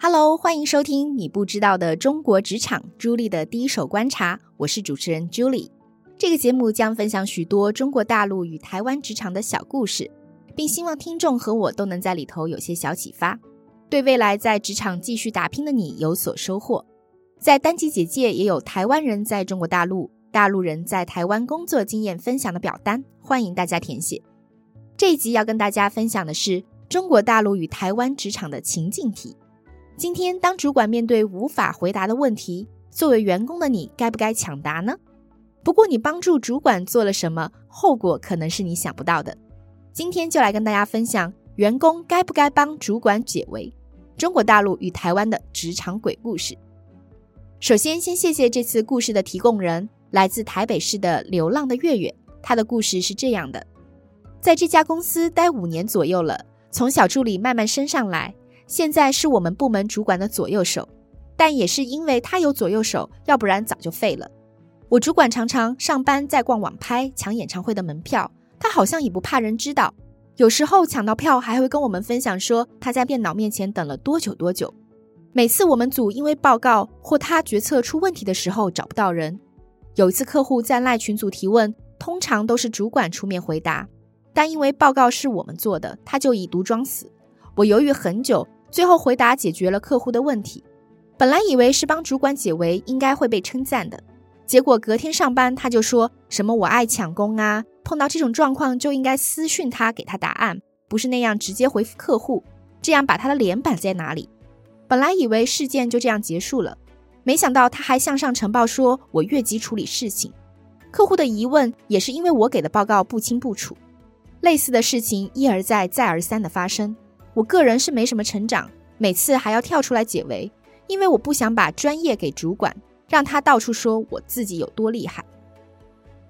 哈嘍，歡迎收聽你不知道的中國職場朱俐的第一手觀察，我是主持人朱俐。這個節目將分享許多中國大陸與台灣職場的小故事，並希望聽眾和我都能在裡頭有些小啟發，對未來在職場繼續打拼的你有所收穫。在單集簡介也有台灣人在中國大陸、大陸人在台灣工作經驗分享的表單，歡迎大家填寫。這一集要跟大家分享的是中國大陸與台灣職場的情境題。今天，當主管面對無法回答的問題，作為員工的你，該不該搶答呢？不過，你幫助主管做了什麼，後果可能是你想不到的。今天就來跟大家分享，員工該不該幫主管解圍？中國大陸與台灣的職場鬼故事。首先，先謝謝這次故事的提供人，來自台北市的流浪的月月。他的故事是這樣的：在這家公司待五年左右了，從小助理慢慢升上來。現在是我們部門主管的左右手，但也是因為他有左右手，要不然早就廢了。我主管常常上班在逛網拍搶演唱會的門票，他好像也不怕人知道。有時候搶到票還會跟我們分享說他在電腦面前等了多久多久。每次我們組因為報告或他決策出問題的時候找不到人。有一次客戶在賴群組提問，通常都是主管出面回答，但因為報告是我們做的，他就已讀裝死。我猶豫很久。最後回答解決了客戶的問題，本來以為是幫主管解圍，應該會被稱讚的，結果隔天上班他就說什麼我愛搶功啊，碰到這種狀況就應該私訊他，給他答案，不是那樣直接回復客戶，這樣把他的臉擺在哪裡。本來以為事件就這樣結束了，沒想到他還向上呈報說我越級處理事情，客戶的疑問也是因為我給的報告不清不楚，類似的事情一而再再而三的發生。我個人是沒什麼成長，每次還要跳出來解圍，因為我不想把專業給主管，讓他到處說我自己有多厲害。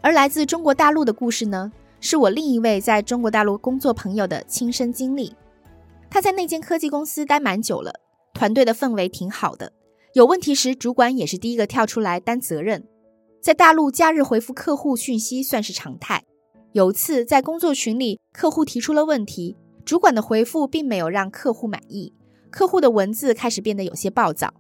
而來自中國大陸的故事呢，是我另一位在中國大陸工作朋友的親身經歷。他在那間科技公司待蠻久了，團隊的氛圍挺好的，有問題時主管也是第一個跳出來擔責任。在大陸，假日回復客戶訊息算是常態。有次在工作群裡，客戶提出了問題。主管的回復並沒有讓客戶滿意，客戶的文字開始變得有些暴躁。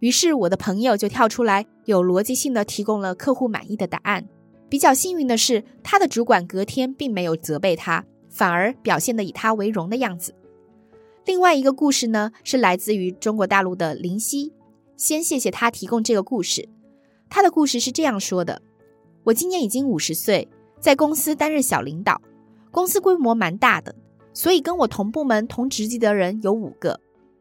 於是我的朋友就跳出來，有邏輯性的提供了客戶滿意的答案。比較幸運的是，他的主管隔天並沒有責備他，反而表現得以他為榮的樣子。另外一個故事呢，是來自於中國大陸的林夕，先謝謝他提供這個故事。他的故事是這樣說的：我今年已經五十歲，在公司擔任小領導，公司規模蠻大的。所以跟我同部門同職級的人有五個，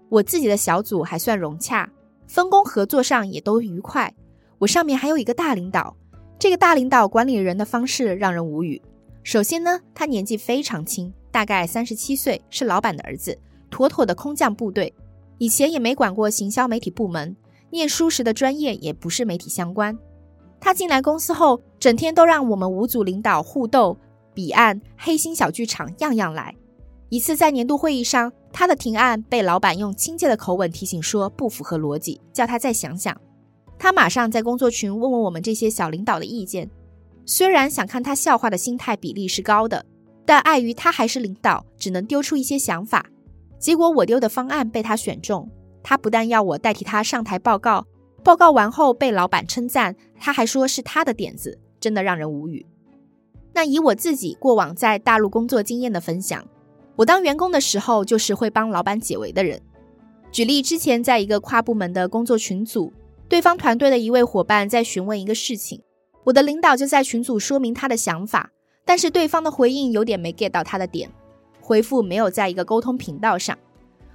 我自己的小組還算融洽，分工合作上也都愉快。我上面還有一個大領導，這個大領導管理人的方式讓人無語。首先呢，他年紀非常輕，大概三十七歲，是老板的兒子，妥妥的空降部隊。以前也沒管過行銷媒體部門，念書時的專業也不是媒體相關。他進來公司後，整天都讓我們五組領導互鬥、彼岸、黑心小劇場，樣樣來。一次在年度會議上，他的提案被老板用親切的口吻提醒說不符合邏輯，叫他再想想。他馬上在工作群問問我們這些小領導的意見。雖然想看他笑話的心態比例是高的，但礙於他還是領導，只能丟出一些想法。結果我丟的方案被他選中，他不但要我代替他上台報告，報告完後被老板稱讚，他還說是他的點子，真的讓人無語。那以我自己過往在大陸工作經驗的分享。我當員工的時候，就是會幫老板解圍的人。舉例，之前在一個跨部門的工作群組，對方團隊的一位夥伴在詢問一個事情，我的領導就在群組說明他的想法，但是對方的回應有點沒 get 到他的點，回復沒有在一個溝通頻道上。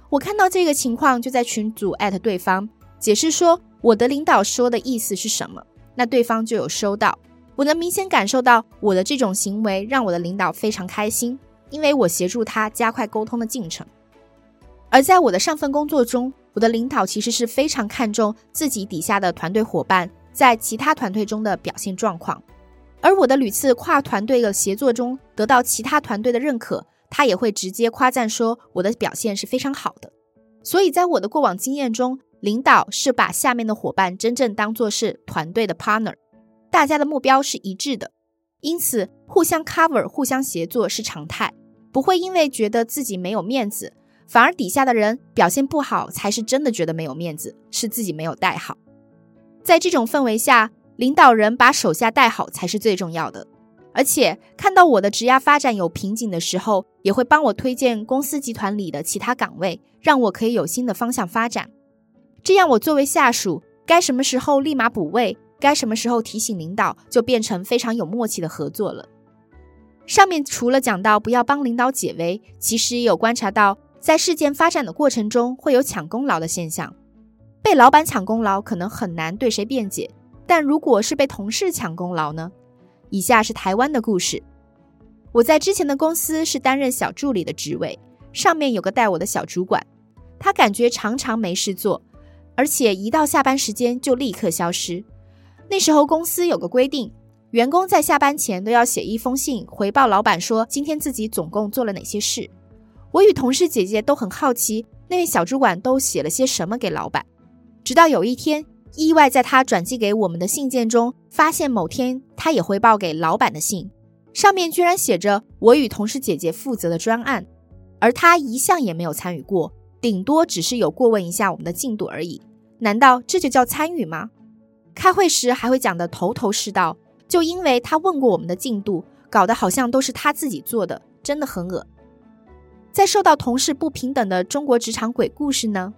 我看到這個情況，就在群組艾特對方，解釋說我的領導說的意思是什麼，那對方就有收到。我能明顯感受到，我的這種行為讓我的領導非常開心。因為我協助他加快溝通的進程，而在我的上份工作中，我的領導其實是非常看重自己底下的團隊夥伴在其他團隊中的表現狀況，而我的屢次跨團隊的協作中得到其他團隊的認可，他也會直接誇讚說我的表現是非常好的。所以在我的過往經驗中，領導是把下面的夥伴真正當作是團隊的 partner，大家的目標是一致的，因此互相 cover、互相協作是常態。不會因為覺得自己沒有面子，反而底下的人表現不好才是真的覺得沒有面子，是自己沒有帶好。在這種氛圍下，領導人把手下帶好才是最重要的。而且看到我的職涯發展有瓶頸的時候，也會幫我推薦公司集團裡的其他崗位，讓我可以有新的方向發展。這樣我作為下屬，該什麼時候立馬補位，該什麼時候提醒領導，就變成非常有默契的合作了。上面除了講到不要幫領導解圍，其實也有觀察到，在事件發展的過程中會有搶功勞的現象。被老板搶功勞可能很難對誰辯解，但如果是被同事搶功勞呢？以下是台灣的故事。我在之前的公司是擔任小助理的職位，上面有個帶我的小主管，他感覺常常沒事做，而且一到下班時間就立刻消失。那時候公司有個規定，員工在下班前都要寫一封信回報老闆，說今天自己總共做了哪些事。我與同事姐姐都很好奇，那位小主管都寫了些什麼給老闆。直到有一天，意外在他轉寄給我們的信件中，發現某天他也回報給老闆的信，上面居然寫着我與同事姐姐負責的專案，而他一向也沒有參與過，頂多只是有過問一下我們的進度而已。難道這就叫參與嗎？開會時還會講得頭頭是道。就因為他問過我們的進度，搞得好像都是他自己做的，真的很惡。在受到同事不平等的中國職場鬼故事呢？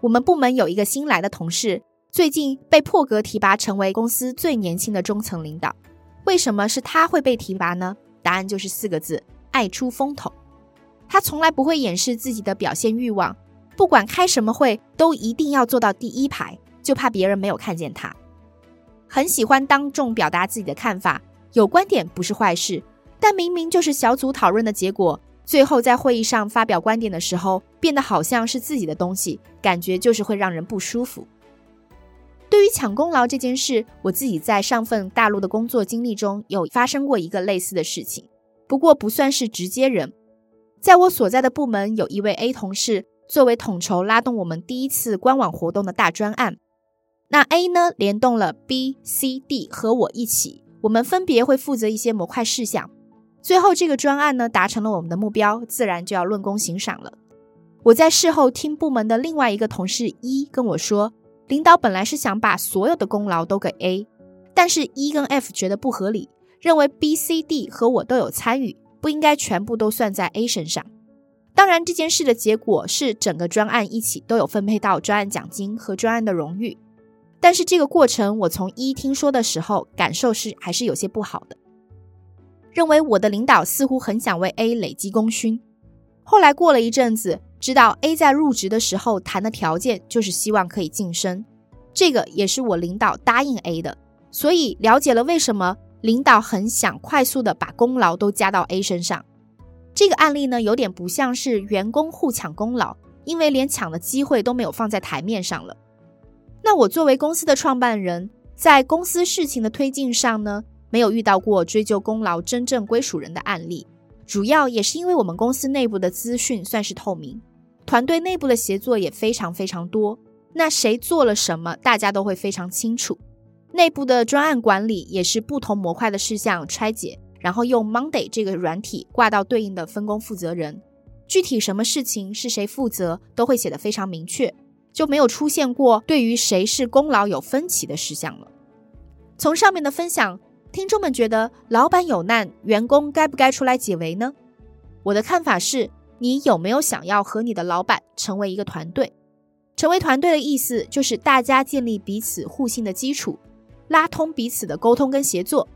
我們部門有一個新來的同事，最近被破格提拔成為公司最年輕的中層領導。為什麼是他會被提拔呢？答案就是四個字：愛出風頭。他從來不會掩飾自己的表現欲望，不管開什麼會，都一定要坐到第一排，就怕別人沒有看見他。很喜歡當眾表達自己的看法，有觀點不是壞事，但明明就是小組討論的結果，最後在會議上發表觀點的時候，變得好像是自己的東西，感覺就是會讓人不舒服。對於搶功勞這件事，我自己在上份大陸的工作經歷中有發生過一個類似的事情，不過不算是直接人。在我所在的部門，有一位 A 同事作為統籌，拉動我們第一次官網活動的大專案。那 A 呢，聯動了 B、C、D 和我一起，我們分別會負責一些模塊事項。最後這個專案呢，達成了我們的目標，自然就要論功行賞了。我在事後聽部門的另外一個同事 E 跟我說，領導本來是想把所有的功勞都給 A，但是 E 跟 F 覺得不合理，認為 B、C、D 和我都有參與，不應該全部都算在 A 身上。當然這件事的結果是，整個專案一起都有分配到專案獎金和專案的榮譽。但是這個過程，我從一聽說的時候，感受是還是有些不好的。認為我的領導似乎很想為 A 累積功勳。後來過了一陣子，知道 A 在入職的時候談的條件就是希望可以晉升，這個也是我領導答應 A 的。所以了解了為什麼領導很想快速的把功勞都加到 A 身上。這個案例呢，有點不像是員工互搶功勞，因為連搶的機會都沒有放在台面上了。那我作為公司的創辦人，在公司事情的推進上呢，沒有遇到過追究功勞真正歸屬人的案例。主要也是因為我們公司內部的資訊算是透明，團隊內部的協作也非常非常多。那誰做了什麼，大家都會非常清楚。內部的專案管理也是不同模塊的事項拆解，然後用 Monday 這個軟體掛到對應的分工負責人，具體什麼事情是誰負責，都會寫得非常明確。就沒有出現過對於誰是功勞有分歧的事項了。從上面的分享，聽眾們覺得老板有難，員工該不該出來解圍呢？我的看法是，你有沒有想要和你的老板成為一個團隊？成為團隊的意思就是大家建立彼此互信的基礎，拉通彼此的溝通跟協作。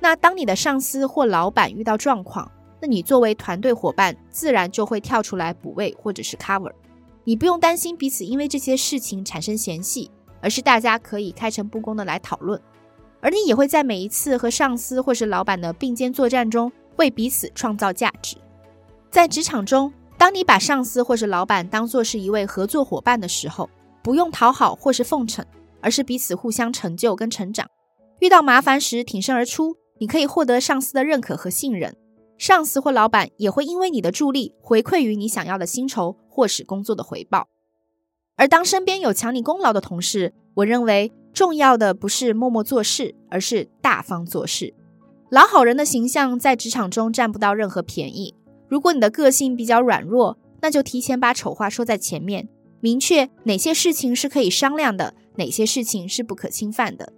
那當你的上司或老板遇到狀況，那你作為團隊夥伴，自然就會跳出來補位或者是 cover。你不用擔心彼此因為這些事情產生嫌隙，而是大家可以開誠布公的來討論，而你也會在每一次和上司或是老板的並肩作戰中為彼此創造價值。在職場中，當你把上司或是老板當作是一位合作夥伴的時候，不用討好或是奉承，而是彼此互相成就跟成長。遇到麻煩時挺身而出，你可以獲得上司的認可和信任。上司或老闆也會因為你的助力回饋於你想要的薪酬或是工作的回報。而當身邊有搶你功勞的同事，我認為重要的不是默默做事，而是大方做事。老好人的形象在職場中占不到任何便宜。如果你的個性比較軟弱，那就提前把醜話說在前面，明確哪些事情是可以商量的，哪些事情是不可侵犯的。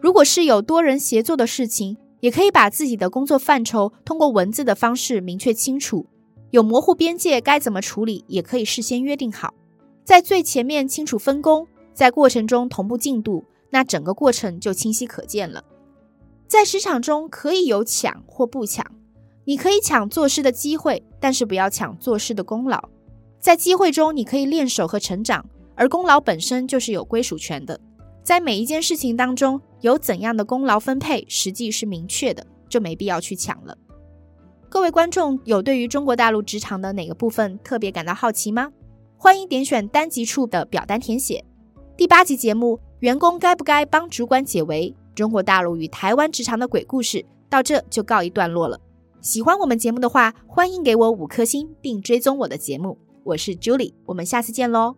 如果是有多人協作的事情，也可以把自己的工作範疇通過文字的方式明確清楚，有模糊邊界該怎麼處理，也可以事先約定好，在最前面清楚分工，在過程中同步進度，那整個過程就清晰可見了。在職場中可以有搶或不搶，你可以搶做事的機會，但是不要搶做事的功勞。在機會中你可以練手和成長，而功勞本身就是有歸屬權的。在每一件事情當中，有怎樣的功勞分配，實際是明確的，就沒必要去搶了。各位觀眾，有對於中國大陸職場的哪個部分特別感到好奇嗎？歡迎點選單集處的表單填寫。第八集節目《員工該不該幫主管解圍》，中國大陸與台灣職場的鬼故事，到這就告一段落了。喜歡我們節目的話，歡迎給我五顆星，並追蹤我的節目。我是 Julie，我們下次見嘍。